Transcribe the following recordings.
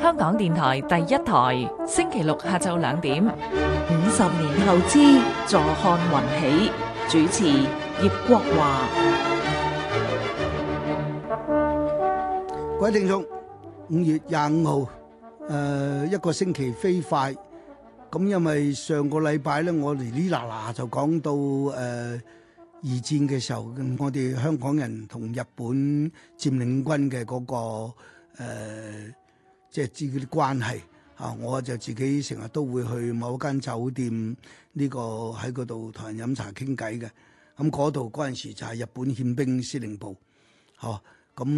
香港電台第一台，星期六下晝兩點。五十年後之，坐看雲起。主持葉國華。各位聽眾，五月廿五號，誒，一個星期飛快。咁因為上個禮拜咧，我哋呢嗱嗱就講到誒。二戰嘅時候，我哋香港人同日本佔領軍嘅嗰個即係知嗰啲關係啊！我就自己成日都會去某間酒店呢個喺嗰度同人飲茶傾偈嘅。咁嗰度嗰陣時就係日本憲兵司令部，嚇、啊、咁，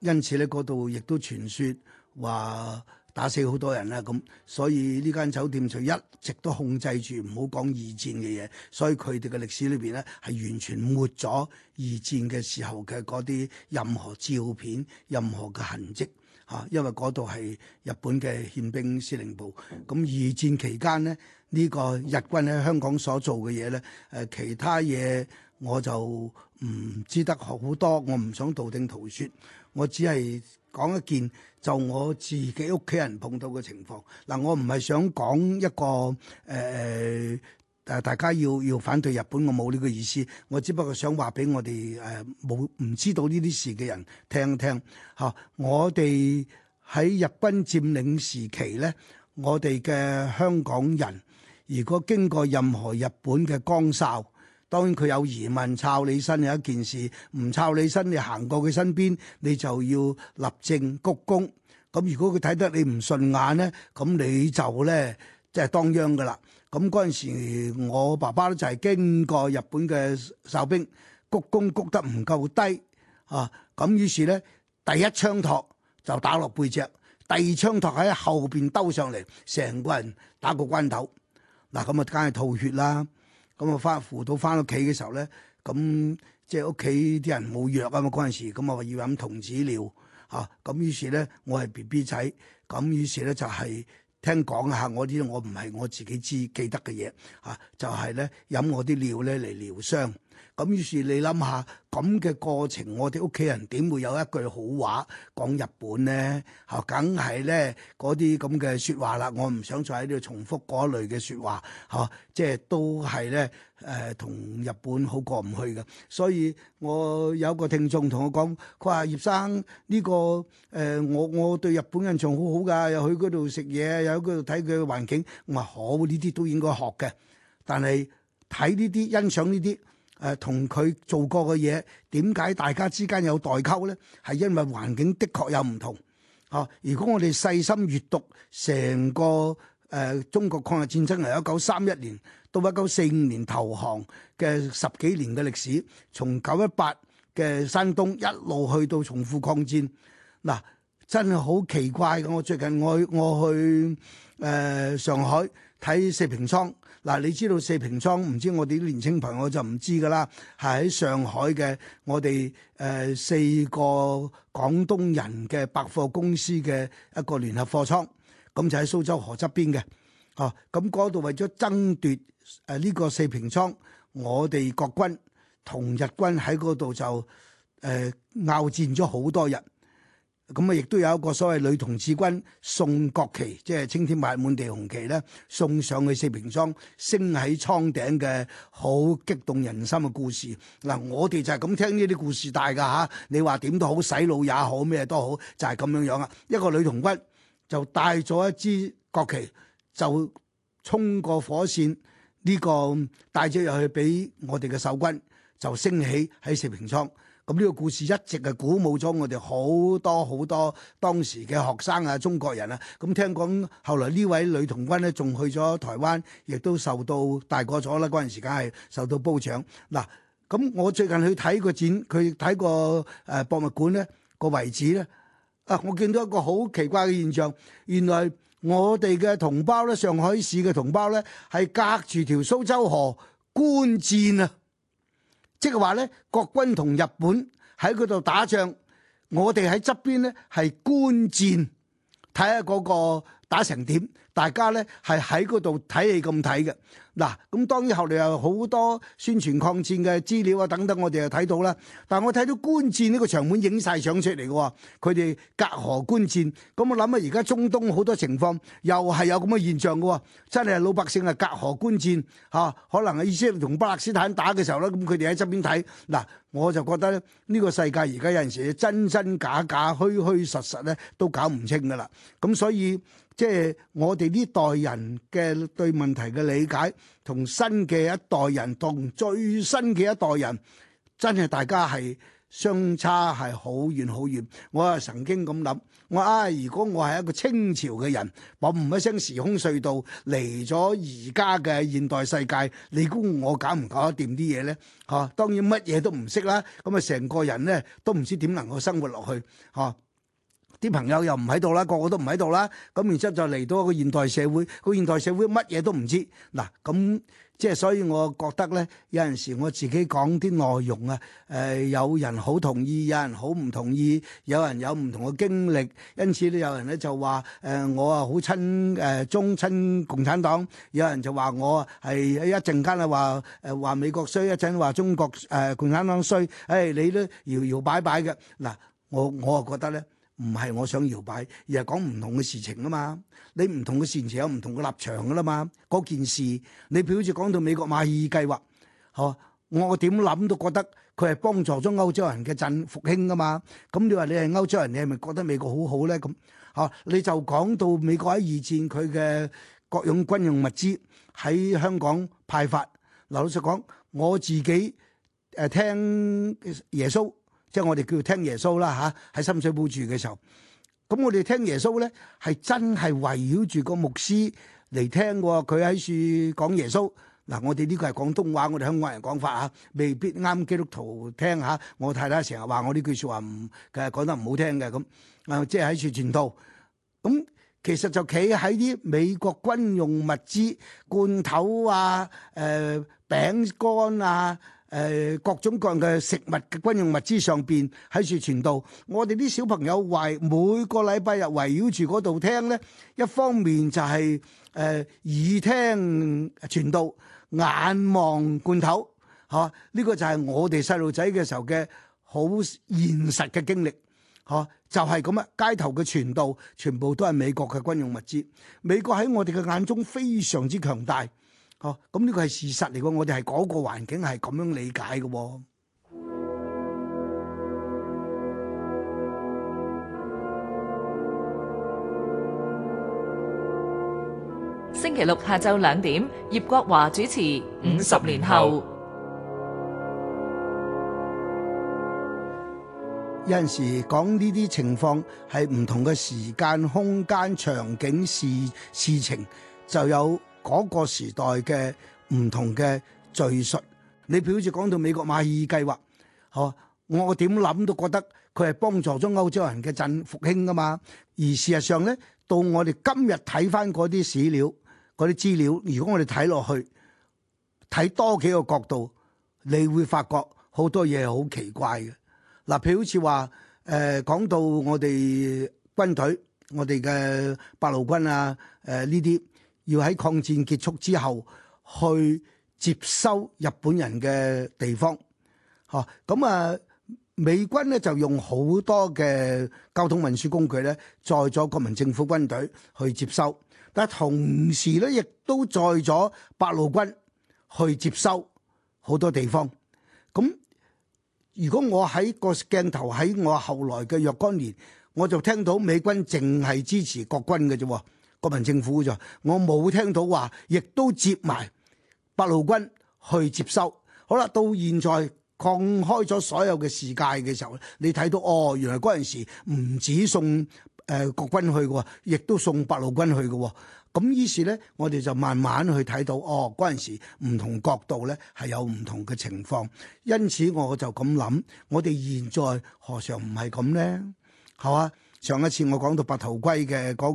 因此咧，嗰度亦都傳説話。打死好多人啦，咁所以呢間酒店就一直都控制住唔好講二戰嘅嘢，所以佢哋嘅歷史裏邊咧係完全抹咗二戰嘅時候嘅嗰啲任何照片、任何嘅痕跡嚇、啊，因為嗰度係日本嘅憲兵司令部。咁二戰期間咧，呢、這個日軍喺香港所做嘅嘢咧，誒、呃、其他嘢我就唔知得好多，我唔想道聽途說，我只係。講一件就我自己屋企人碰到嘅情況嗱，我唔係想講一個誒誒、呃，大家要要反對日本，我冇呢個意思。我只不過想話俾我哋誒冇唔知道呢啲事嘅人聽一聽嚇。我哋喺日軍佔領時期咧，我哋嘅香港人如果經過任何日本嘅江哨。當然佢有疑問抄你身有一件事，唔抄你身你行過佢身邊，你就要立正鞠躬。咁如果佢睇得你唔順眼咧，咁你就咧即係當央㗎啦。咁嗰陣時，我爸爸咧就係經過日本嘅哨兵鞠躬鞠得唔夠低啊，咁於是咧第一槍托就打落背脊，第二槍托喺後邊兜上嚟，成個人打個關頭，嗱咁啊，梗係吐血啦。咁我翻扶到翻屋企嘅時候咧，咁即係屋企啲人冇藥啊嘛，嗰陣時，咁我話要飲童子尿嚇，咁、啊、於是咧我係 B B 仔，咁、啊、於是咧就係、是、聽講下我啲我唔係我自己知記得嘅嘢嚇，就係咧飲我啲尿咧嚟療傷。咁於是你諗下咁嘅過程，我哋屋企人點會有一句好話講日本咧？嚇、哦，梗係咧嗰啲咁嘅説話啦。我唔想再喺度重複嗰類嘅説話，嚇、哦，即係都係咧誒同日本好過唔去嘅。所以我有個聽眾同我講，佢話葉生呢、呢個誒、呃，我我對日本人仲好好㗎，又去嗰度食嘢，又喺嗰度睇佢嘅環境。我話好呢啲都應該學嘅，但係睇呢啲，欣賞呢啲。誒同佢做過嘅嘢，點解大家之間有代溝呢？係因為環境的確有唔同。哦、啊，如果我哋細心閲讀成個誒、呃、中國抗日戰爭，由一九三一年到一九四五年投降嘅十幾年嘅歷史，從九一八嘅山東一路去到淞滬抗戰，嗱、啊，真係好奇怪嘅。我最近我我去誒、呃、上海睇四平倉。嗱、啊，你知道四平倉？唔知我哋啲年青朋友就唔知㗎啦，係喺上海嘅我哋誒、呃、四個廣東人嘅百貨公司嘅一個聯合貨倉，咁就喺蘇州河側邊嘅，哦、啊，咁嗰度為咗爭奪誒呢個四平倉，我哋國軍同日軍喺嗰度就誒鏖、呃、戰咗好多日。咁啊，亦都有一個所謂女童軍送國旗，即係青天白日滿地紅旗咧，送上去四行倉，升喺倉頂嘅，好激動人心嘅故事。嗱，我哋就係咁聽呢啲故事大噶嚇。你話點都好，洗腦也好，咩都好，就係、是、咁樣樣啊！一個女童軍就帶咗一支國旗，就衝過火線，呢、這個帶咗入去俾我哋嘅守軍，就升起喺四行倉。咁呢個故事一直係鼓舞咗我哋好多好多當時嘅學生啊，中國人啊。咁、嗯、聽講後來呢位女童軍呢，仲去咗台灣，亦都受到大過咗啦。嗰陣時間係受到褒獎。嗱，咁、嗯、我最近去睇個展，佢睇個誒博物館咧個位置咧，啊，我見到一個好奇怪嘅現象，原來我哋嘅同胞咧，上海市嘅同胞咧，係隔住條蘇州河觀戰啊！即係話咧，國軍同日本喺嗰度打仗，我哋喺側邊咧係觀戰，睇下嗰個。打成點？大家咧係喺嗰度睇戲咁睇嘅。嗱，咁、啊、當然後嚟又好多宣傳抗戰嘅資料啊等等，我哋又睇到啦。但係我睇到觀戰呢個場面場，影晒相出嚟嘅喎。佢哋隔河觀戰，咁我諗啊，而家中東好多情況又係有咁嘅現象嘅喎。真係老百姓啊，隔河觀戰吓，可能係以色列同巴勒斯坦打嘅時候咧，咁佢哋喺側邊睇。嗱、啊，我就覺得咧，呢個世界而家有陣時真真假假、虛虛實實咧，都搞唔清嘅啦。咁所以，即係我哋呢代人嘅對問題嘅理解，同新嘅一代人同最新嘅一代人，真係大家係相差係好遠好遠。我啊曾經咁諗，我啊如果我係一個清朝嘅人，冇唔一聲時空隧道嚟咗而家嘅現代世界，你估我搞唔搞得掂啲嘢呢？吓、啊，當然乜嘢都唔識啦，咁啊成個人呢，都唔知點能夠生活落去，吓、啊。啲朋友又唔喺度啦，個個都唔喺度啦。咁，然之後就嚟到一個現代社會，個現代社會乜嘢都唔知嗱。咁即係所以我覺得呢，有陣時我自己講啲內容啊，誒、呃、有人好同意，有人好唔同意，有人有唔同嘅經歷，因此呢，有人呢就話誒、呃、我啊好親誒中親共產黨，有人就話我係一陣間啊話誒話美國衰，一陣話中國誒、呃、共產黨衰，誒你都搖搖擺擺嘅嗱，我我啊覺得呢。唔係我想搖擺，而係講唔同嘅事情啊嘛！你唔同嘅事情有唔同嘅立場噶啦嘛！嗰件事，你表示講到美國馬歇爾計劃，好，我點諗都覺得佢係幫助咗歐洲人嘅振復興噶嘛！咁你話你係歐洲人，你係咪覺得美國好好咧？咁，嚇你就講到美國喺二戰佢嘅各種軍用物資喺香港派發。嗱，老實講，我自己誒聽耶穌。即係我哋叫聽耶穌啦，吓喺深水埗住嘅時候，咁我哋聽耶穌咧係真係圍繞住個牧師嚟聽，佢喺處講耶穌。嗱，我哋呢個係廣東話，我哋香港人講法啊，未必啱基督徒聽吓。我太太成日話我呢句說話唔，其實講得唔好聽嘅咁。啊，即係喺處傳道。咁其實就企喺啲美國軍用物資罐頭啊，誒餅乾啊。誒各種各樣嘅食物嘅軍用物資上邊喺處傳道，我哋啲小朋友圍每個禮拜日圍繞住嗰度聽，呢一方面就係誒耳聽傳道，眼望罐頭，嚇呢個就係我哋細路仔嘅時候嘅好現實嘅經歷，嚇就係咁啊！街頭嘅傳道全部都係美國嘅軍用物資，美國喺我哋嘅眼中非常之強大。哦，咁、嗯、呢、這個係事實嚟嘅，我哋係嗰個環境係咁樣理解嘅、哦。星期六下晝兩點，葉國華主持《五十年後》。有陣時講呢啲情況係唔同嘅時間、空間、場景、事、事情就有。嗰個時代嘅唔同嘅敘述，你譬如好似講到美國馬歇爾計劃，我我點諗都覺得佢係幫助咗歐洲人嘅振復興㗎嘛。而事實上咧，到我哋今日睇返嗰啲史料、嗰啲資料，如果我哋睇落去睇多幾個角度，你會發覺好多嘢係好奇怪嘅。嗱，譬如好似話誒，講到我哋軍隊、我哋嘅八路軍啊，誒呢啲。呃要喺抗戰結束之後去接收日本人嘅地方，嗬？咁啊，美軍咧就用好多嘅交通運輸工具咧，載咗國民政府軍隊去接收，但係同時咧亦都載咗八路軍去接收好多地方。咁如果我喺個鏡頭喺我後來嘅若干年，我就聽到美軍淨係支持國軍嘅啫。國民政府就我冇聽到話，亦都接埋八路軍去接收。好啦，到現在擴開咗所有嘅視界嘅時候，你睇到哦，原來嗰陣時唔止送誒、呃、國軍去嘅，亦都送八路軍去嘅。咁、嗯、於是咧，我哋就慢慢去睇到哦，嗰陣時唔同角度咧係有唔同嘅情況。因此我就咁諗，我哋現在何嘗唔係咁咧？係嘛、啊？上一次我講到白頭龜嘅嗰、那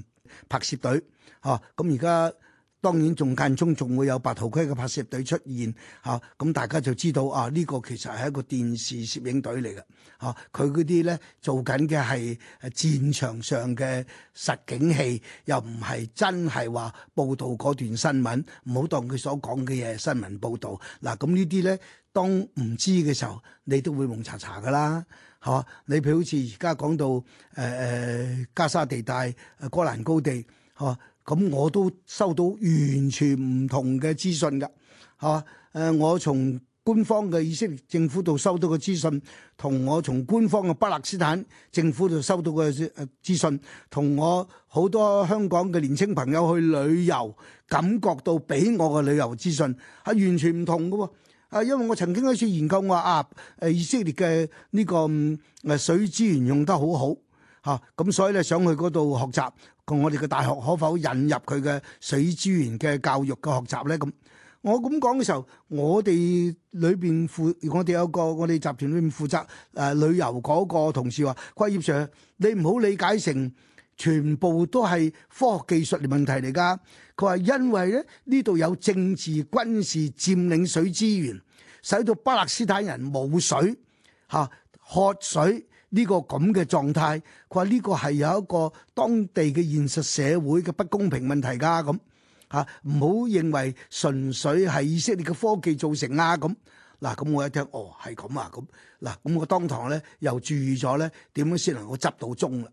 個。拍攝隊，吓，咁而家當然仲間中仲會有白頭盔嘅拍攝隊出現，吓、啊、咁大家就知道啊，呢個其實係一個電視攝影隊嚟嘅，吓，佢嗰啲咧做緊嘅係戰場上嘅實景戲，又唔係真係話報道嗰段新聞，唔好當佢所講嘅嘢新聞報道。嗱、啊、咁呢啲咧，當唔知嘅時候，你都會蒙查查噶啦。嚇！你譬如好似而家講到誒誒、呃、加沙地帶、哥蘭高地，嚇咁我都收到完全唔同嘅資訊㗎，嚇！誒我從官方嘅以色列政府度收到嘅資訊，同我從官方嘅巴勒斯坦政府度收到嘅誒資訊，同我好多香港嘅年輕朋友去旅遊，感覺到俾我嘅旅遊資訊係完全唔同嘅喎。啊，因為我曾經開始研究我，我話啊，誒以色列嘅呢個誒水資源用得好好嚇，咁、啊、所以咧想去嗰度學習，同我哋嘅大學可否引入佢嘅水資源嘅教育嘅學習咧？咁我咁講嘅時候，我哋裏邊負，我哋有個我哋集團裏面負責誒、呃、旅遊嗰個同事話：喂，葉 Sir，你唔好理解成。全部都係科學技術嘅問題嚟噶。佢話因為咧呢度有政治軍事佔領水資源，使到巴勒斯坦人冇水嚇喝水呢個咁嘅狀態。佢話呢個係有一個當地嘅現實社會嘅不公平問題噶，咁嚇，唔好認為純粹係以色列嘅科技造成啊咁。嗱咁我一聽，哦係咁啊咁，嗱咁我當堂咧又注意咗咧點樣先能夠執到中啦。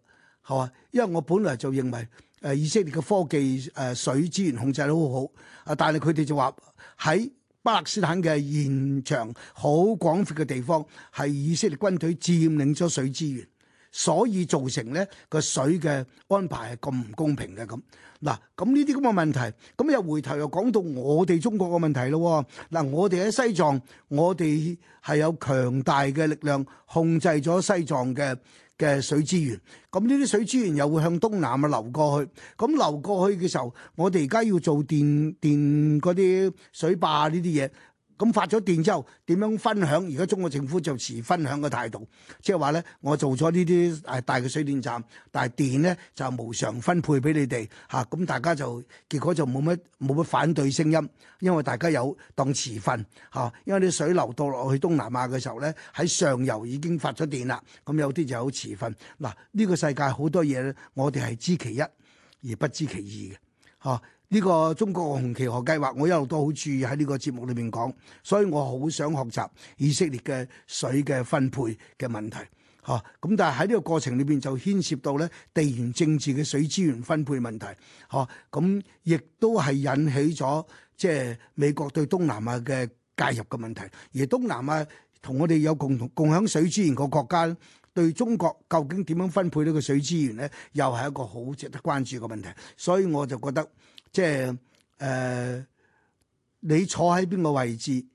係嘛？因為我本來就認為誒以色列嘅科技誒水資源控制得好好，啊！但係佢哋就話喺巴勒斯坦嘅現場好廣闊嘅地方係以色列軍隊佔領咗水資源，所以造成咧個水嘅安排係咁唔公平嘅咁。嗱，咁呢啲咁嘅問題，咁又回頭又講到我哋中國嘅問題咯。嗱，我哋喺西藏，我哋係有強大嘅力量控制咗西藏嘅。嘅水資源，咁呢啲水資源又會向東南啊流過去，咁流過去嘅時候，我哋而家要做電電嗰啲水壩啊呢啲嘢。咁發咗電之後，點樣分享？而家中國政府就持分享嘅態度，即係話咧，我做咗呢啲誒大嘅水電站，但係電咧就無償分配俾你哋嚇。咁、啊嗯、大家就結果就冇乜冇乜反對聲音，因為大家有當持份。嚇、啊。因為啲水流到落去東南亞嘅時候咧，喺上游已經發咗電啦。咁、嗯、有啲就有持份。嗱、啊，呢、呢個世界好多嘢，我哋係知其一而不知其二嘅嚇。啊。呢個中國嘅紅旗河計劃，我一路都好注意喺呢個節目裏邊講，所以我好想學習以色列嘅水嘅分配嘅問題，嚇咁。但係喺呢個過程裏邊就牽涉到咧地緣政治嘅水資源分配問題，嚇咁亦都係引起咗即係美國對東南亞嘅介入嘅問題。而東南亞同我哋有共同共享水資源嘅國家，對中國究竟點樣分配呢個水資源咧，又係一個好值得關注嘅問題。所以我就覺得。即係誒、呃，你坐喺邊個位置，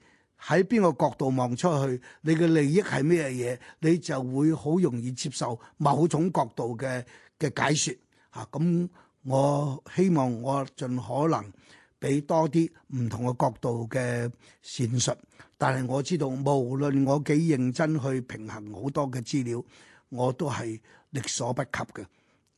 喺邊個角度望出去，你嘅利益係咩嘢，你就會好容易接受某種角度嘅嘅解説吓。咁、啊嗯、我希望我盡可能俾多啲唔同嘅角度嘅闡述，但係我知道無論我幾認真去平衡好多嘅資料，我都係力所不及嘅，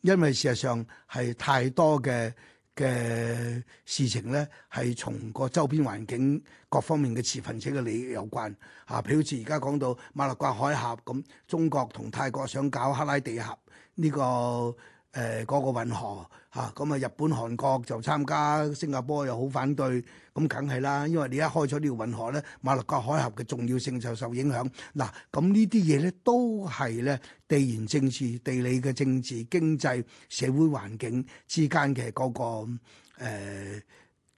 因為事實上係太多嘅。嘅事情咧，係從個周邊環境各方面嘅持份者嘅利益有關嚇、啊，譬如好似而家講到馬六甲海峽咁，中國同泰國想搞克拉地峽呢、這個。誒嗰個運河嚇，咁啊日本韓國就參加，新加坡又好反對，咁梗係啦，因為你一開咗呢條運河咧，馬六甲海峽嘅重要性就受影響。嗱，咁呢啲嘢咧都係咧地緣政治、地理嘅政治、經濟、社會環境之間嘅嗰個誒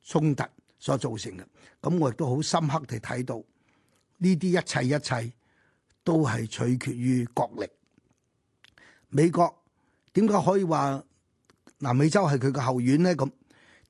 衝突所造成嘅。咁我亦都好深刻地睇到呢啲一切一切都係取決於國力，美國。點解可以話南美洲係佢個後院咧？咁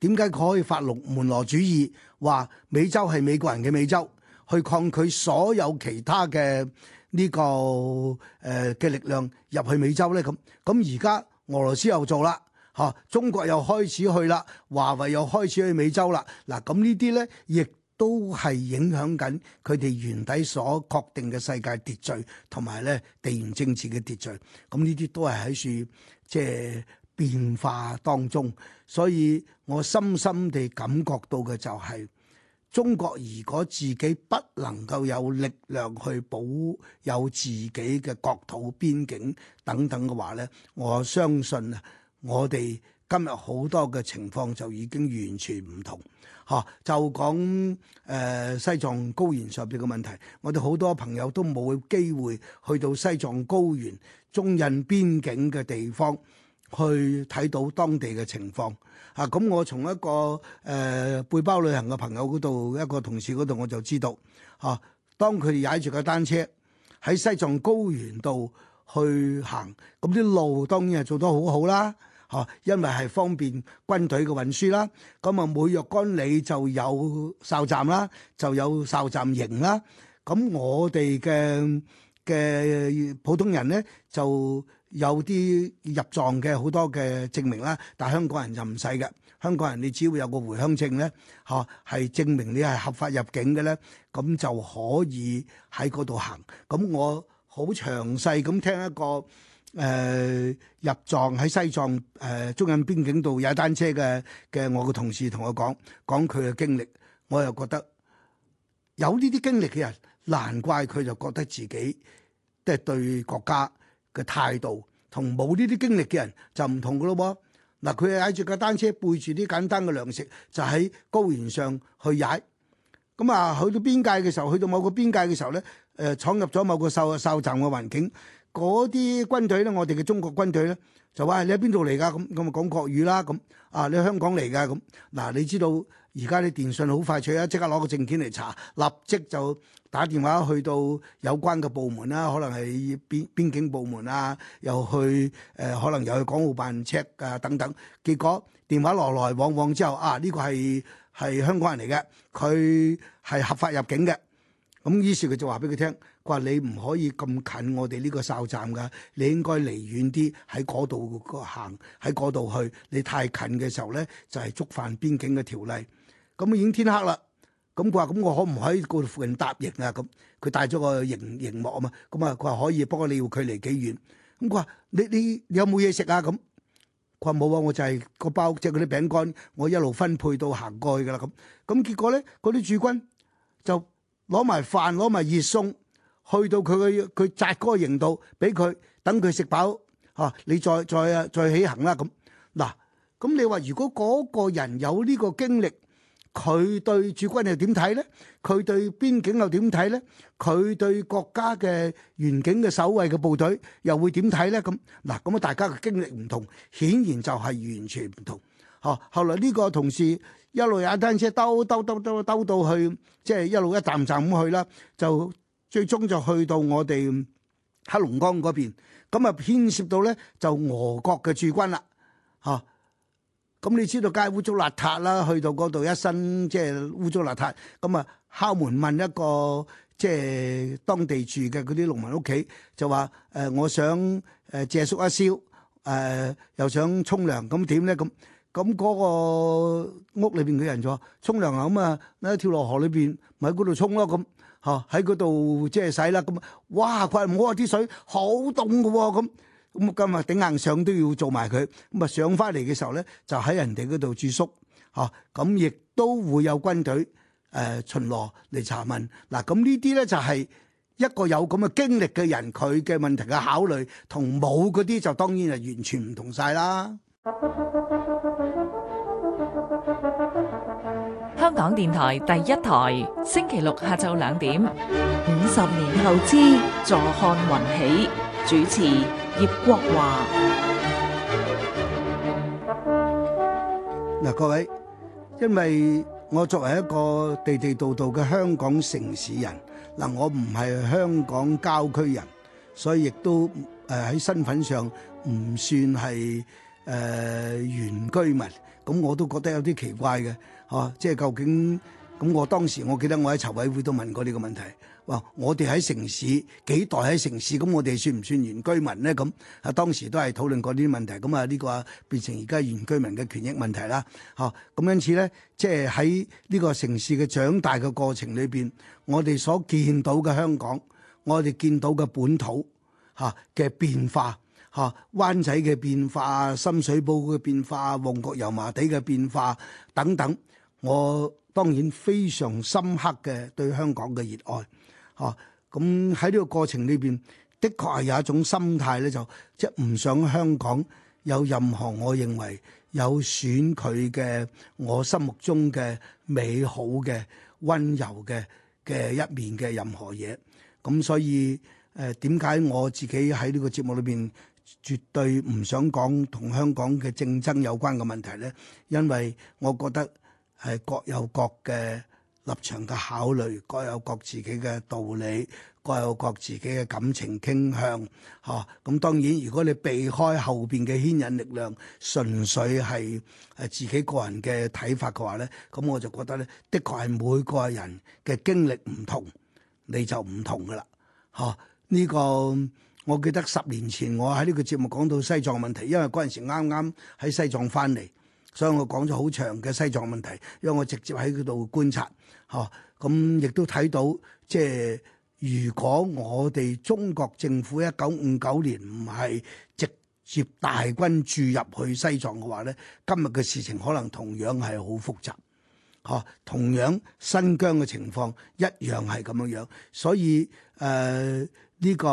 點解佢可以發門羅主義，話美洲係美國人嘅美洲，去抗拒所有其他嘅呢、呢個誒嘅、呃、力量入去美洲咧？咁咁而家俄羅斯又做啦，嚇中國又開始去啦，華為又開始去美洲啦。嗱咁呢啲咧，亦都係影響緊佢哋原底所確定嘅世界秩序同埋咧地緣政治嘅秩序。咁呢啲都係喺樹。即係變化當中，所以我深深地感覺到嘅就係、是、中國，如果自己不能夠有力量去保有自己嘅國土邊境等等嘅話咧，我相信啊，我哋。今日好多嘅情況就已經完全唔同，嚇！就講誒、呃、西藏高原上邊嘅問題，我哋好多朋友都冇機會去到西藏高原、中印邊境嘅地方去睇到當地嘅情況。啊！咁、嗯、我從一個誒、呃、背包旅行嘅朋友嗰度，一個同事嗰度我就知道，嚇、啊！當佢哋踩住架單車喺西藏高原度去行，咁啲路當然係做得好好啦。嚇，因為係方便軍隊嘅運輸啦，咁啊每若干里就有哨站啦，就有哨站營啦。咁我哋嘅嘅普通人咧，就有啲入藏嘅好多嘅證明啦。但香港人就唔使嘅，香港人你只要有個回鄉證咧，嚇係證明你係合法入境嘅咧，咁就可以喺嗰度行。咁我好詳細咁聽一個。誒、呃、入藏喺西藏誒、呃、中印邊境度踩單車嘅嘅我個同事同我講講佢嘅經歷，我又覺得有呢啲經歷嘅人，難怪佢就覺得自己即係對國家嘅態度同冇呢啲經歷嘅人就唔同噶咯喎。嗱、呃，佢踩住架單車背住啲簡單嘅糧食，就喺高原上去踩。咁啊，去到邊界嘅時候，去到某個邊界嘅時候咧，誒、呃、闖入咗某個哨哨站嘅環境。嗰啲軍隊咧，我哋嘅中國軍隊咧，就話你喺邊度嚟㗎？咁我咪講國語啦。咁啊，你香港嚟㗎？咁嗱、啊，你知道而家啲電信好快脆啊！即刻攞個證件嚟查，立即就打電話去到有關嘅部門啦，可能係邊邊境部門啊，又去誒、呃，可能又去港澳辦 check 啊等等。結果電話來來往往之後，啊，呢、這個係係香港人嚟嘅，佢係合法入境嘅。咁於是佢就話俾佢聽。佢話：你唔可以咁近我哋呢個哨站㗎，你應該離遠啲喺嗰度行，喺嗰度去。你太近嘅時候咧，就係觸犯邊境嘅條例。咁已經天黑啦，咁佢話：咁我可唔可以喺嗰度附近搭營啊？咁佢帶咗個營營幕啊嘛，咁啊佢話可以，不過你要距離幾遠？咁佢話你你有冇嘢食啊？咁佢話冇啊，我就係個包，即係嗰啲餅乾，我一路分配到行過去㗎啦。咁咁結果咧，嗰啲駐軍就攞埋飯攞埋熱餸，去到佢嘅佢紮嗰個營度，俾佢等佢食飽，吓，你再再啊再起行啦咁。嗱，咁你話如果嗰個人有呢個經歷，佢對駐軍又點睇咧？佢對邊境又點睇咧？佢對國家嘅遠景嘅守衛嘅部隊又會點睇咧？咁嗱，咁啊大家嘅經歷唔同，顯然就係完全唔同。吓，後來呢個同事一路踩單車兜兜兜兜兜到去，即係一路一站站咁去啦，就。最終就去到我哋黑龍江嗰邊，咁啊牽涉到咧就俄國嘅駐軍啦，吓，咁你知道街污糟邋遢啦，去到嗰度一身即係污糟邋遢，咁啊敲門問一個即係當地住嘅嗰啲農民屋企，就話誒我想誒借宿一宵，誒又想沖涼，咁點咧咁？咁嗰個屋裏邊嘅人就話沖涼啊，咁啊，咧跳落河裏邊咪喺嗰度沖咯咁。哦，喺嗰度即係洗啦，咁哇，佢係唔好啊，啲水好凍㗎喎，咁咁今日頂硬上都要做埋佢，咁啊上翻嚟嘅時候咧，就喺人哋嗰度住宿，嚇，咁亦都會有軍隊誒巡邏嚟查問，嗱，咁呢啲咧就係一個有咁嘅經歷嘅人，佢嘅問題嘅考慮同冇嗰啲就當然係完全唔同晒啦。香港電台第一台，星期六下晝兩點。五十年後，坐看雲起。主持葉國華。嗱，各位，因為我作為一個地地道道嘅香港城市人，嗱，我唔係香港郊區人，所以亦都誒喺身份上唔算係誒原居民，咁我都覺得有啲奇怪嘅。嚇、 啊，即係究竟咁、嗯？我當時我記得我喺籌委會都問過呢個問題。哇！我哋喺城市幾代喺城市，咁我哋算唔算原居民咧？咁啊，當時都係討論過呢啲問題。咁啊，呢、這個變成而家原居民嘅權益問題啦。嚇、啊，咁因此咧，即係喺呢個城市嘅長大嘅過程裏邊，我哋所見到嘅香港，我哋見到嘅本土嚇嘅、啊、變化，嚇、啊、灣仔嘅變化、深水埗嘅變化、旺角油麻地嘅變化等等。我當然非常深刻嘅對香港嘅熱愛，嚇咁喺呢個過程裏邊，的確係有一種心態咧，就即係唔想香港有任何我認為有損佢嘅我心目中嘅美好嘅溫柔嘅嘅一面嘅任何嘢。咁所以誒，呃、點解我自己喺呢個節目裏邊絕對唔想講同香港嘅競爭有關嘅問題咧？因為我覺得。係各有各嘅立場嘅考慮，各有各自己嘅道理，各有各自己嘅感情傾向，嗬、啊。咁當然，如果你避開後邊嘅牽引力量，純粹係誒自己個人嘅睇法嘅話咧，咁我就覺得咧，的確係每個人嘅經歷唔同，你就唔同噶啦，嗬、啊。呢、呢個我記得十年前我喺呢個節目講到西藏問題，因為嗰陣時啱啱喺西藏返嚟。所以我講咗好長嘅西藏問題，因為我直接喺嗰度觀察，嚇咁亦都睇到，即係如果我哋中國政府一九五九年唔係直接大軍駐入去西藏嘅話咧，今日嘅事情可能同樣係好複雜，嚇同樣新疆嘅情況一樣係咁樣樣，所以誒呢、呃這個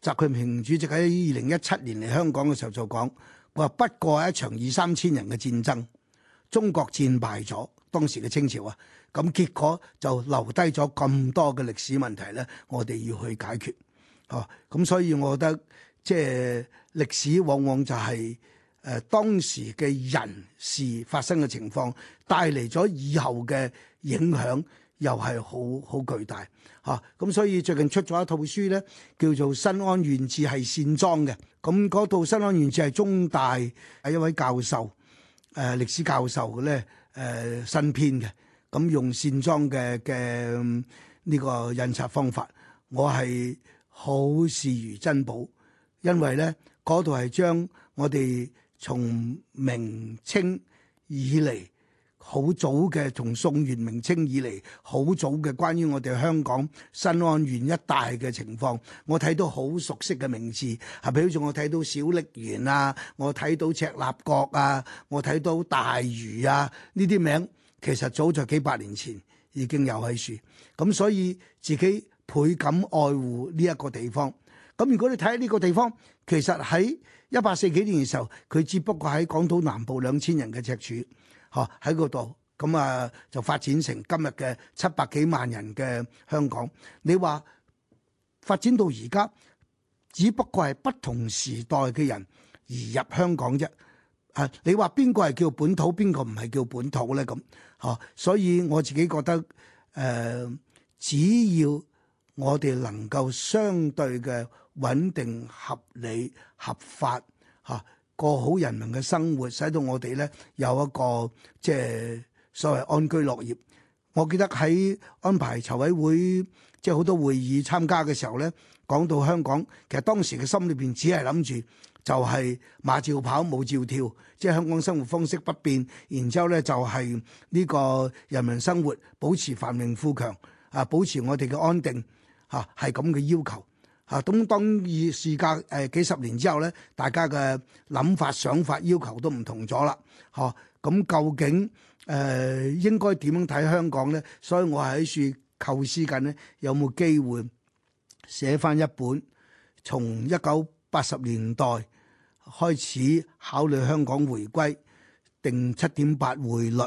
習近平主席喺二零一七年嚟香港嘅時候就講。話不過係一場二三千人嘅戰爭，中國戰敗咗，當時嘅清朝啊，咁結果就留低咗咁多嘅歷史問題咧，我哋要去解決，哦，咁所以我覺得即係歷史往往就係、是、誒當時嘅人事發生嘅情況，帶嚟咗以後嘅影響。又係好好巨大吓，咁、啊、所以最近出咗一套書咧，叫做《新安原志係善裝》嘅，咁套《新安原志》係中大係一位教授，誒、呃、歷史教授嘅咧，誒、呃、新編嘅，咁用善裝嘅嘅呢個印刷方法，我係好視如珍寶，因為咧嗰度係將我哋從明清以嚟。好早嘅，從宋元明清以嚟，好早嘅關於我哋香港新安縣一帶嘅情況，我睇到好熟悉嘅名字，係譬好似我睇到小瀝源啊，我睇到赤鱲角啊，我睇到大嶼啊，呢啲名其實早在幾百年前已經有喺處，咁所以自己倍感愛護呢一個地方。咁如果你睇下呢個地方，其實喺一八四幾年嘅時候，佢只不過喺港島南部兩千人嘅赤柱。嚇喺嗰度，咁啊就發展成今日嘅七百幾萬人嘅香港。你話發展到而家，只不過係不同時代嘅人移入香港啫。啊，你話邊個係叫本土，邊個唔係叫本土咧？咁嚇、啊，所以我自己覺得，誒、呃，只要我哋能夠相對嘅穩定、合理、合法嚇。啊過好人民嘅生活，使到我哋咧有一個即係所謂安居樂業。我記得喺安排籌委會即係好多會議參加嘅時候咧，講到香港，其實當時嘅心裏邊只係諗住就係馬照跑，舞照跳，即係香港生活方式不變，然之後咧就係呢個人民生活保持繁榮富強啊，保持我哋嘅安定吓，係咁嘅要求。啊，咁當當事隔誒幾十年之後咧，大家嘅諗法、想法、要求都唔同咗啦，吓、啊，咁、嗯、究竟誒、呃、應該點樣睇香港咧？所以我係喺處構思緊咧，有冇機會寫翻一本從一九八十年代開始考慮香港回歸定七點八匯率？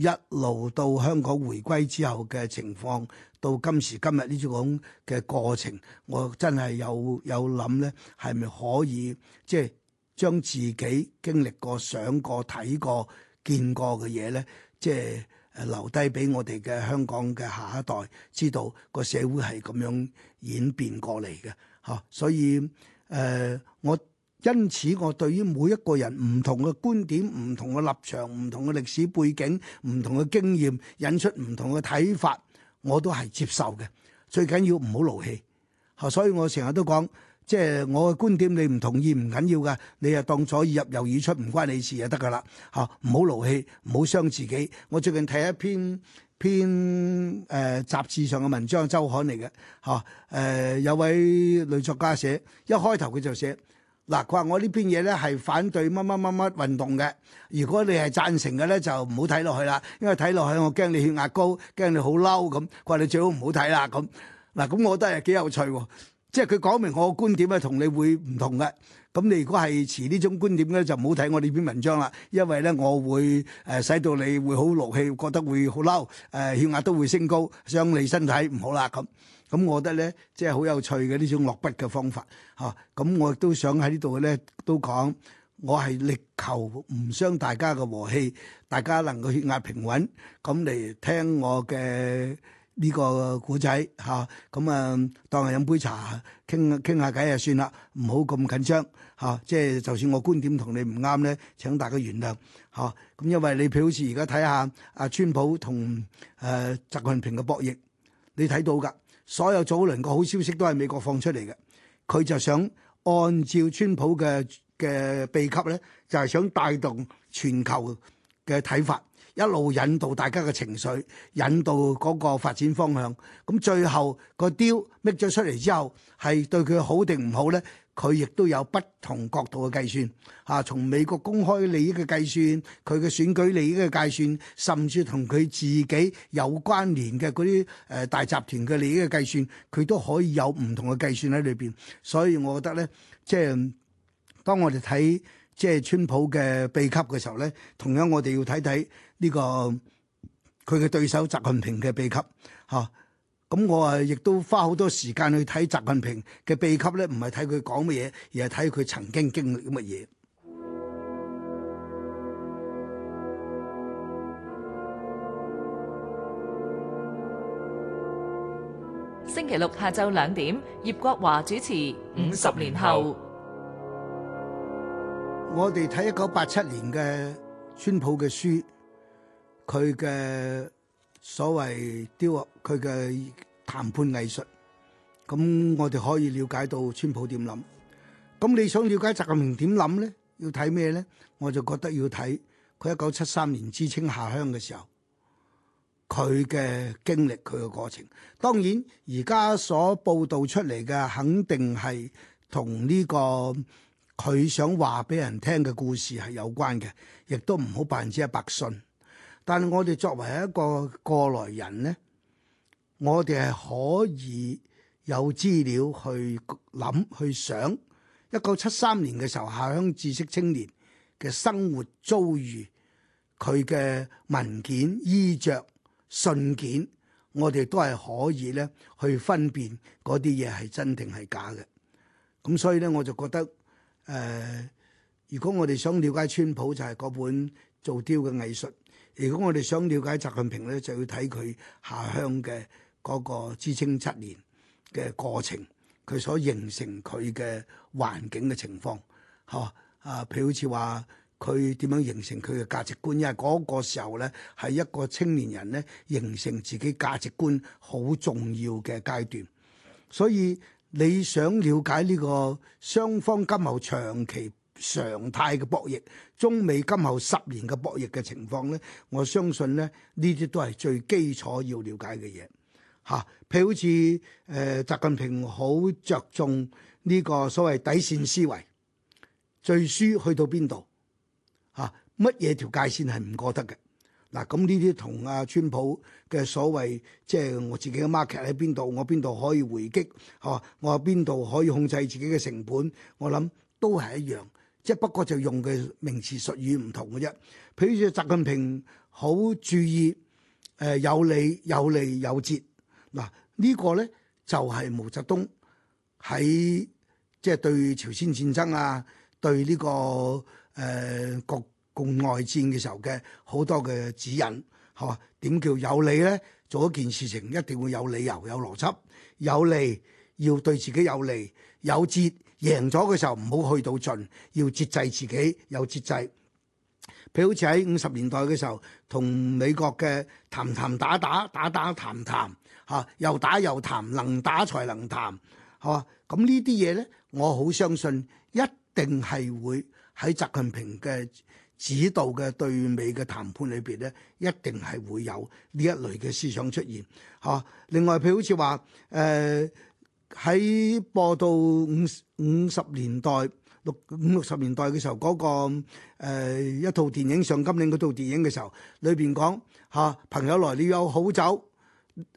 一路到香港回歸之後嘅情況，到今時今日呢種咁嘅過程，我真係有有諗咧，係咪可以即係將自己經歷過、想過、睇過、見過嘅嘢咧，即係留低俾我哋嘅香港嘅下一代知道，個社會係咁樣演變過嚟嘅嚇，所以誒、呃、我。因此，我對於每一個人唔同嘅觀點、唔同嘅立場、唔同嘅歷史背景、唔同嘅經驗引出唔同嘅睇法，我都係接受嘅。最緊要唔好勞氣。嚇，所以我成日都講，即係我嘅觀點你要要，你唔同意唔緊要噶，你就當左耳入右耳出，唔關你事就得噶啦。嚇，唔好勞氣，唔好傷自己。我最近睇一篇篇誒、呃、雜誌上嘅文章，周刊嚟嘅。嚇、呃，誒有位女作家寫，一開頭佢就寫。嗱，佢話我呢篇嘢咧係反對乜乜乜乜運動嘅。如果你係贊成嘅咧，就唔好睇落去啦。因為睇落去我驚你血壓高，驚你好嬲咁。佢話你最好唔好睇啦。咁嗱，咁我覺得係幾有趣。即係佢講明我嘅觀點咧，同你會唔同嘅。咁你如果係持呢種觀點咧，就唔好睇我呢篇文章啦。因為咧我會誒使到你會好勞氣，覺得會好嬲，誒血壓都會升高，傷你身體唔好啦咁。咁我覺得咧，即係好有趣嘅呢種落筆嘅方法嚇。咁、啊、我亦都想喺呢度咧都講，我係力求唔傷大家嘅和氣，大家能夠血壓平穩咁嚟聽我嘅呢個古仔嚇。咁啊，啊，當係飲杯茶傾傾下偈啊，算啦，唔好咁緊張嚇。即係就算我觀點同你唔啱咧，請大家原諒嚇。咁、啊、因為你譬如好似而家睇下阿川普同誒習近平嘅博弈，你睇到㗎。所有早輪個好消息都係美國放出嚟嘅，佢就想按照川普嘅嘅秘笈呢就係、是、想帶動全球嘅睇法，一路引導大家嘅情緒，引導嗰個發展方向。咁最後個雕搣咗出嚟之後，係對佢好定唔好呢？佢亦都有不同角度嘅計算，嚇、啊，從美國公開利益嘅計算，佢嘅選舉利益嘅計算，甚至同佢自己有關聯嘅嗰啲誒大集團嘅利益嘅計算，佢都可以有唔同嘅計算喺裏邊。所以，我覺得咧，即係當我哋睇即係川普嘅秘笈嘅時候咧，同樣我哋要睇睇呢個佢嘅對手習近平嘅秘笈。嚇、啊。咁我啊，亦都花好多時間去睇習近平嘅秘笈咧，唔係睇佢講乜嘢，而係睇佢曾經經歷乜嘢。星期六下晝兩點，葉國華主持《五十年後》。我哋睇一九八七年嘅川普嘅書，佢嘅。所謂雕佢嘅談判藝術，咁我哋可以了解到川普點諗。咁你想了解習近平點諗咧？要睇咩咧？我就覺得要睇佢一九七三年知青下鄉嘅時候，佢嘅經歷佢嘅過程。當然而家所報道出嚟嘅，肯定係同呢個佢想話俾人聽嘅故事係有關嘅，亦都唔好百分之一百信。但係，我哋作為一個過來人咧，我哋係可以有資料去諗去想一九七三年嘅時候，下鄉知識青年嘅生活遭遇，佢嘅文件、衣着、信件，我哋都係可以咧去分辨嗰啲嘢係真定係假嘅。咁所以咧，我就覺得誒、呃，如果我哋想了解川普，就係嗰本做雕嘅藝術。如果我哋想了解習近平咧，就要睇佢下鄉嘅嗰個知青七年嘅過程，佢所形成佢嘅環境嘅情況吓啊，譬如好似話，佢點樣形成佢嘅價值觀，因為嗰個時候咧，係一個青年人咧形成自己價值觀好重要嘅階段，所以你想了解呢個雙方今後長期。常態嘅博弈，中美今後十年嘅博弈嘅情況咧，我相信咧呢啲都係最基礎要了解嘅嘢嚇。譬如好似誒習近平好着重呢個所謂底線思維，最輸去到邊度嚇？啊、乜嘢條界線係唔過得嘅嗱？咁呢啲同阿川普嘅所謂即係、就是、我自己嘅 market 喺邊度，我邊度可以回擊哦、啊？我邊度可以控制自己嘅成本？我諗都係一樣。一不過就用嘅名詞術語唔同嘅啫，譬如誒，習近平好注意誒、呃、有理有利有節，嗱、這個、呢個咧就係、是、毛澤東喺即係對朝鮮戰爭啊，對呢、這個誒國、呃、共內戰嘅時候嘅好多嘅指引，嚇，點叫有理咧？做一件事情一定會有理由、有邏輯，有利要對自己有利，有節。贏咗嘅時候唔好去到盡，要節制自己又節制。譬如好似喺五十年代嘅時候，同美國嘅談談打打打打談談吓，又打又談，能打才能談吓。咁呢啲嘢呢，我好相信一定係會喺習近平嘅指導嘅對美嘅談判裏邊呢，一定係會有呢一類嘅思想出現吓。另外，譬如好似話誒，呃喺播到五五十年代六五六十年代嘅時候，嗰個誒一套電影《上甘嶺》嗰套電影嘅時候，裏邊講吓朋友來了有好酒，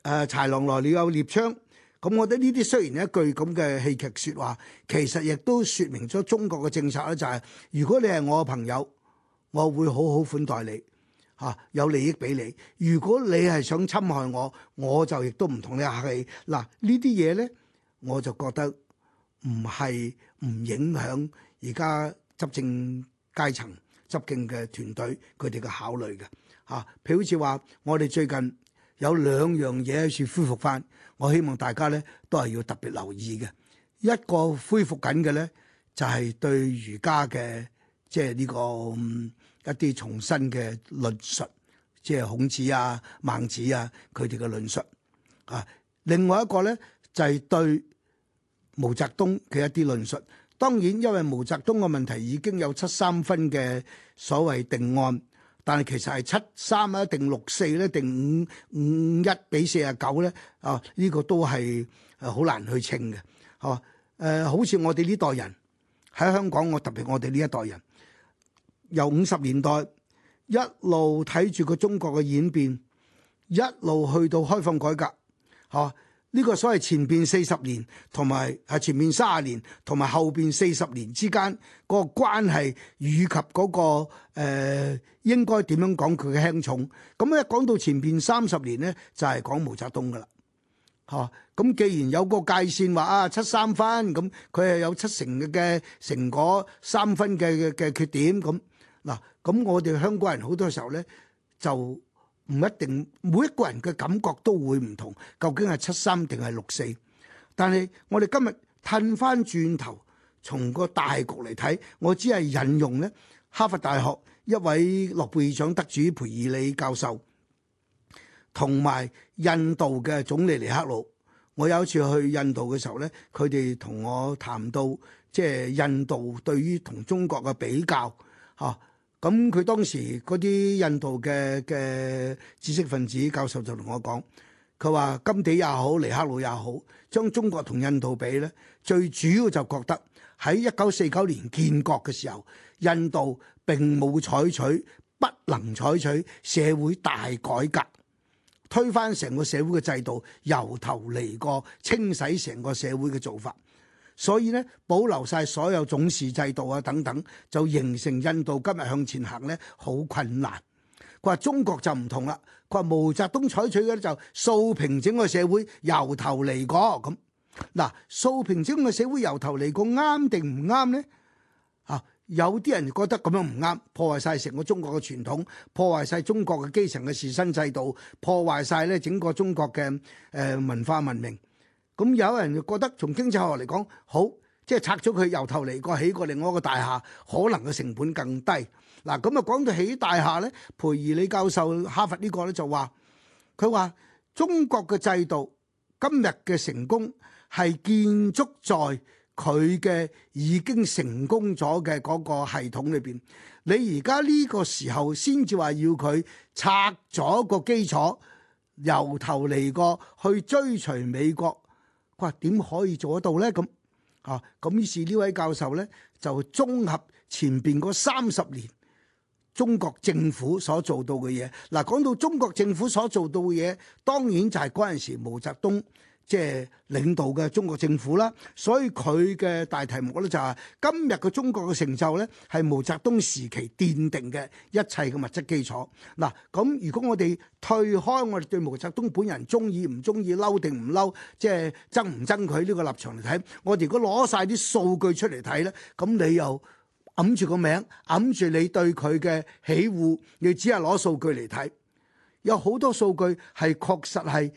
誒豺狼來了有獵槍。咁我覺得呢啲雖然一句咁嘅戲劇說話，其實亦都說明咗中國嘅政策咧，就係如果你係我嘅朋友，我會好好款待你吓，有利益俾你。如果你係想侵害我，我就亦都唔同你客氣。嗱呢啲嘢咧。我就覺得唔係唔影響而家執政階層執政嘅團隊佢哋嘅考慮嘅嚇，譬如好似話我哋最近有兩樣嘢喺處恢復翻，我希望大家咧都係要特別留意嘅。一個恢復緊嘅咧就係對儒家嘅即係呢個，嗯，一啲重新嘅論述，即係孔子啊、孟子啊佢哋嘅論述啊。另外一個咧就係對。毛澤東嘅一啲論述，當然因為毛澤東嘅問題已經有七三分嘅所謂定案，但係其實係七三咧定六四咧定五五一比四十九咧，啊呢個都係好難去稱嘅，啊誒好似我哋呢代人喺香港，我特別我哋呢一代人由五十年代一路睇住個中國嘅演變，一路去到開放改革，嚇。呢個所謂前邊四十年同埋係前邊三十年同埋後邊四十年之間個關係，以及嗰個誒應該點樣講佢嘅輕重咁咧？講到前邊三十年呢，就係、是、講毛澤東噶啦，嚇、啊、咁既然有個界線話啊，七三分咁，佢係有七成嘅成果，三分嘅嘅缺點咁嗱，咁我哋香港人好多時候呢，就。唔一定，每一個人嘅感覺都會唔同，究竟係七三定係六四？但係我哋今日褪翻轉頭，從個大局嚟睇，我只係引用呢哈佛大學一位諾貝爾獎得主培爾李教授，同埋印度嘅總理尼赫魯。我有一次去印度嘅時候呢，佢哋同我談到即係印度對於同中國嘅比較，嚇。咁佢當時嗰啲印度嘅嘅知識分子教授就同我講，佢話甘地也好，尼赫魯也好，將中國同印度比呢，最主要就覺得喺一九四九年建國嘅時候，印度並冇採取不能採取社會大改革，推翻成個社會嘅制度，由頭嚟過清洗成個社會嘅做法。所以咧，保留曬所有種姓制度啊等等，就形成印度今日向前行咧，好困難。佢話中國就唔同啦，佢話毛澤東採取嘅咧就掃平整個社會由頭嚟過咁。嗱，掃平整個社會由頭嚟過啱定唔啱咧？啊，有啲人覺得咁樣唔啱，破壞曬成個中國嘅傳統，破壞曬中國嘅基層嘅士紳制度，破壞曬咧整個中國嘅誒文化文明。咁有人就覺得從經濟學嚟講，好即係拆咗佢，由頭嚟過起過另外一個大廈，可能嘅成本更低。嗱，咁啊講到起大廈咧，培爾李教授哈佛呢個咧就話：佢話中國嘅制度今日嘅成功係建築在佢嘅已經成功咗嘅嗰個系統裏邊。你而家呢個時候先至話要佢拆咗個基礎，由頭嚟過去追隨美國。哇！點可以做得到呢？咁嚇咁，於是呢位教授呢，就綜合前邊嗰三十年中國政府所做到嘅嘢。嗱，講到中國政府所做到嘅嘢，當然就係嗰陣時毛澤東。即係領導嘅中國政府啦，所以佢嘅大題目咧就係今日嘅中國嘅成就咧，係毛澤東時期奠定嘅一切嘅物質基礎。嗱，咁如果我哋退開我哋對毛澤東本人中意唔中意、嬲定唔嬲，即係爭唔爭佢呢個立場嚟睇，我哋如果攞晒啲數據出嚟睇咧，咁你又揞住個名，揞住你對佢嘅喜惡，你只係攞數據嚟睇，有好多數據係確實係。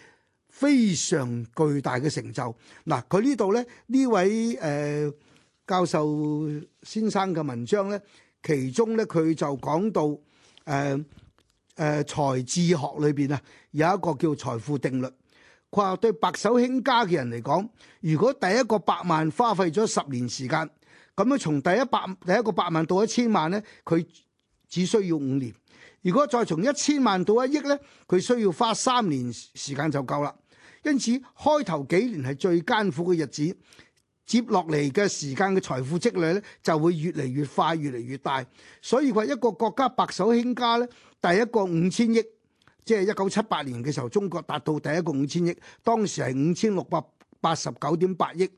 非常巨大嘅成就。嗱，佢呢度呢，呢位誒、呃、教授先生嘅文章呢，其中呢，佢就講到誒誒、呃呃、財智學裏邊啊，有一個叫財富定律，佢話對白手興家嘅人嚟講，如果第一個百萬花費咗十年時間，咁樣從第一百第一個百萬到一千萬呢，佢只需要五年；如果再從一千萬到一億呢，佢需要花三年時間就夠啦。因此，開頭幾年係最艱苦嘅日子，接落嚟嘅時間嘅財富積累咧，就會越嚟越快，越嚟越大。所以話一個國家白手興家咧，第一個五千億，即係一九七八年嘅時候，中國達到第一個五千億，當時係五千六百八十九點八億，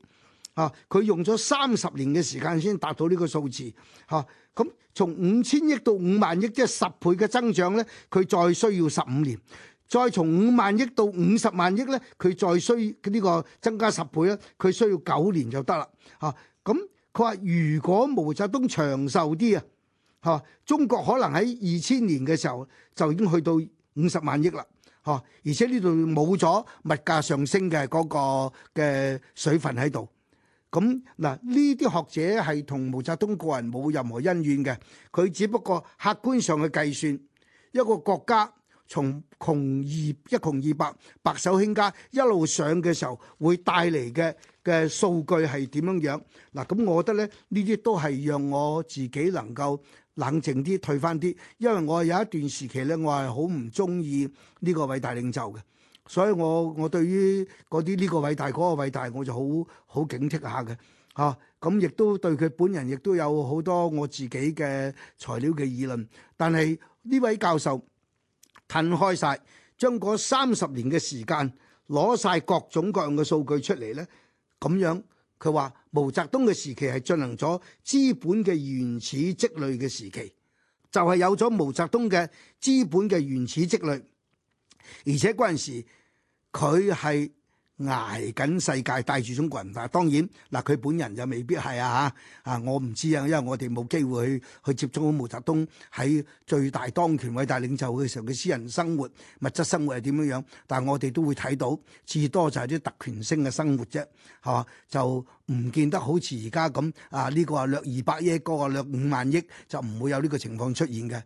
啊，佢用咗三十年嘅時間先達到呢個數字，嚇。咁從五千億到五萬億，即係十倍嘅增長咧，佢再需要十五年。再從五萬億到五十萬億咧，佢再需要呢個增加十倍咧，佢需要九年就得啦嚇。咁佢話：如果毛澤東長壽啲啊，嚇中國可能喺二千年嘅時候就已經去到五十萬億啦嚇，而且呢度冇咗物價上升嘅嗰個嘅水分喺度。咁嗱，呢啲學者係同毛澤東個人冇任何恩怨嘅，佢只不過客觀上去計算一個國家。從窮二一窮二白，白手興家一路上嘅時候，會帶嚟嘅嘅數據係點樣樣？嗱、啊，咁我覺得咧，呢啲都係讓我自己能夠冷靜啲退翻啲，因為我有一段時期咧，我係好唔中意呢個偉大領袖嘅，所以我我對於嗰啲呢個偉大嗰、嗰個偉大，我就好好警惕下嘅嚇。咁、啊、亦都對佢本人亦都有好多我自己嘅材料嘅議論，但係呢位教授。褪開晒，將嗰三十年嘅時間攞晒各種各樣嘅數據出嚟呢，咁樣佢話毛澤東嘅時期係進行咗資本嘅原始積累嘅時期，就係、是、有咗毛澤東嘅資本嘅原始積累，而且嗰陣時佢係。捱緊世界帶住中國人，但係當然嗱，佢本人就未必係啊嚇啊，我唔知啊，因為我哋冇機會去，去接觸到毛澤東喺最大當權偉大領袖嘅時候嘅私人生活、物質生活係點樣樣，但係我哋都會睇到，至多就係啲特權性嘅生活啫，係嘛，就唔見得好似而家咁啊呢個，啊略二百億個啊略五萬億就唔會有呢個情況出現嘅。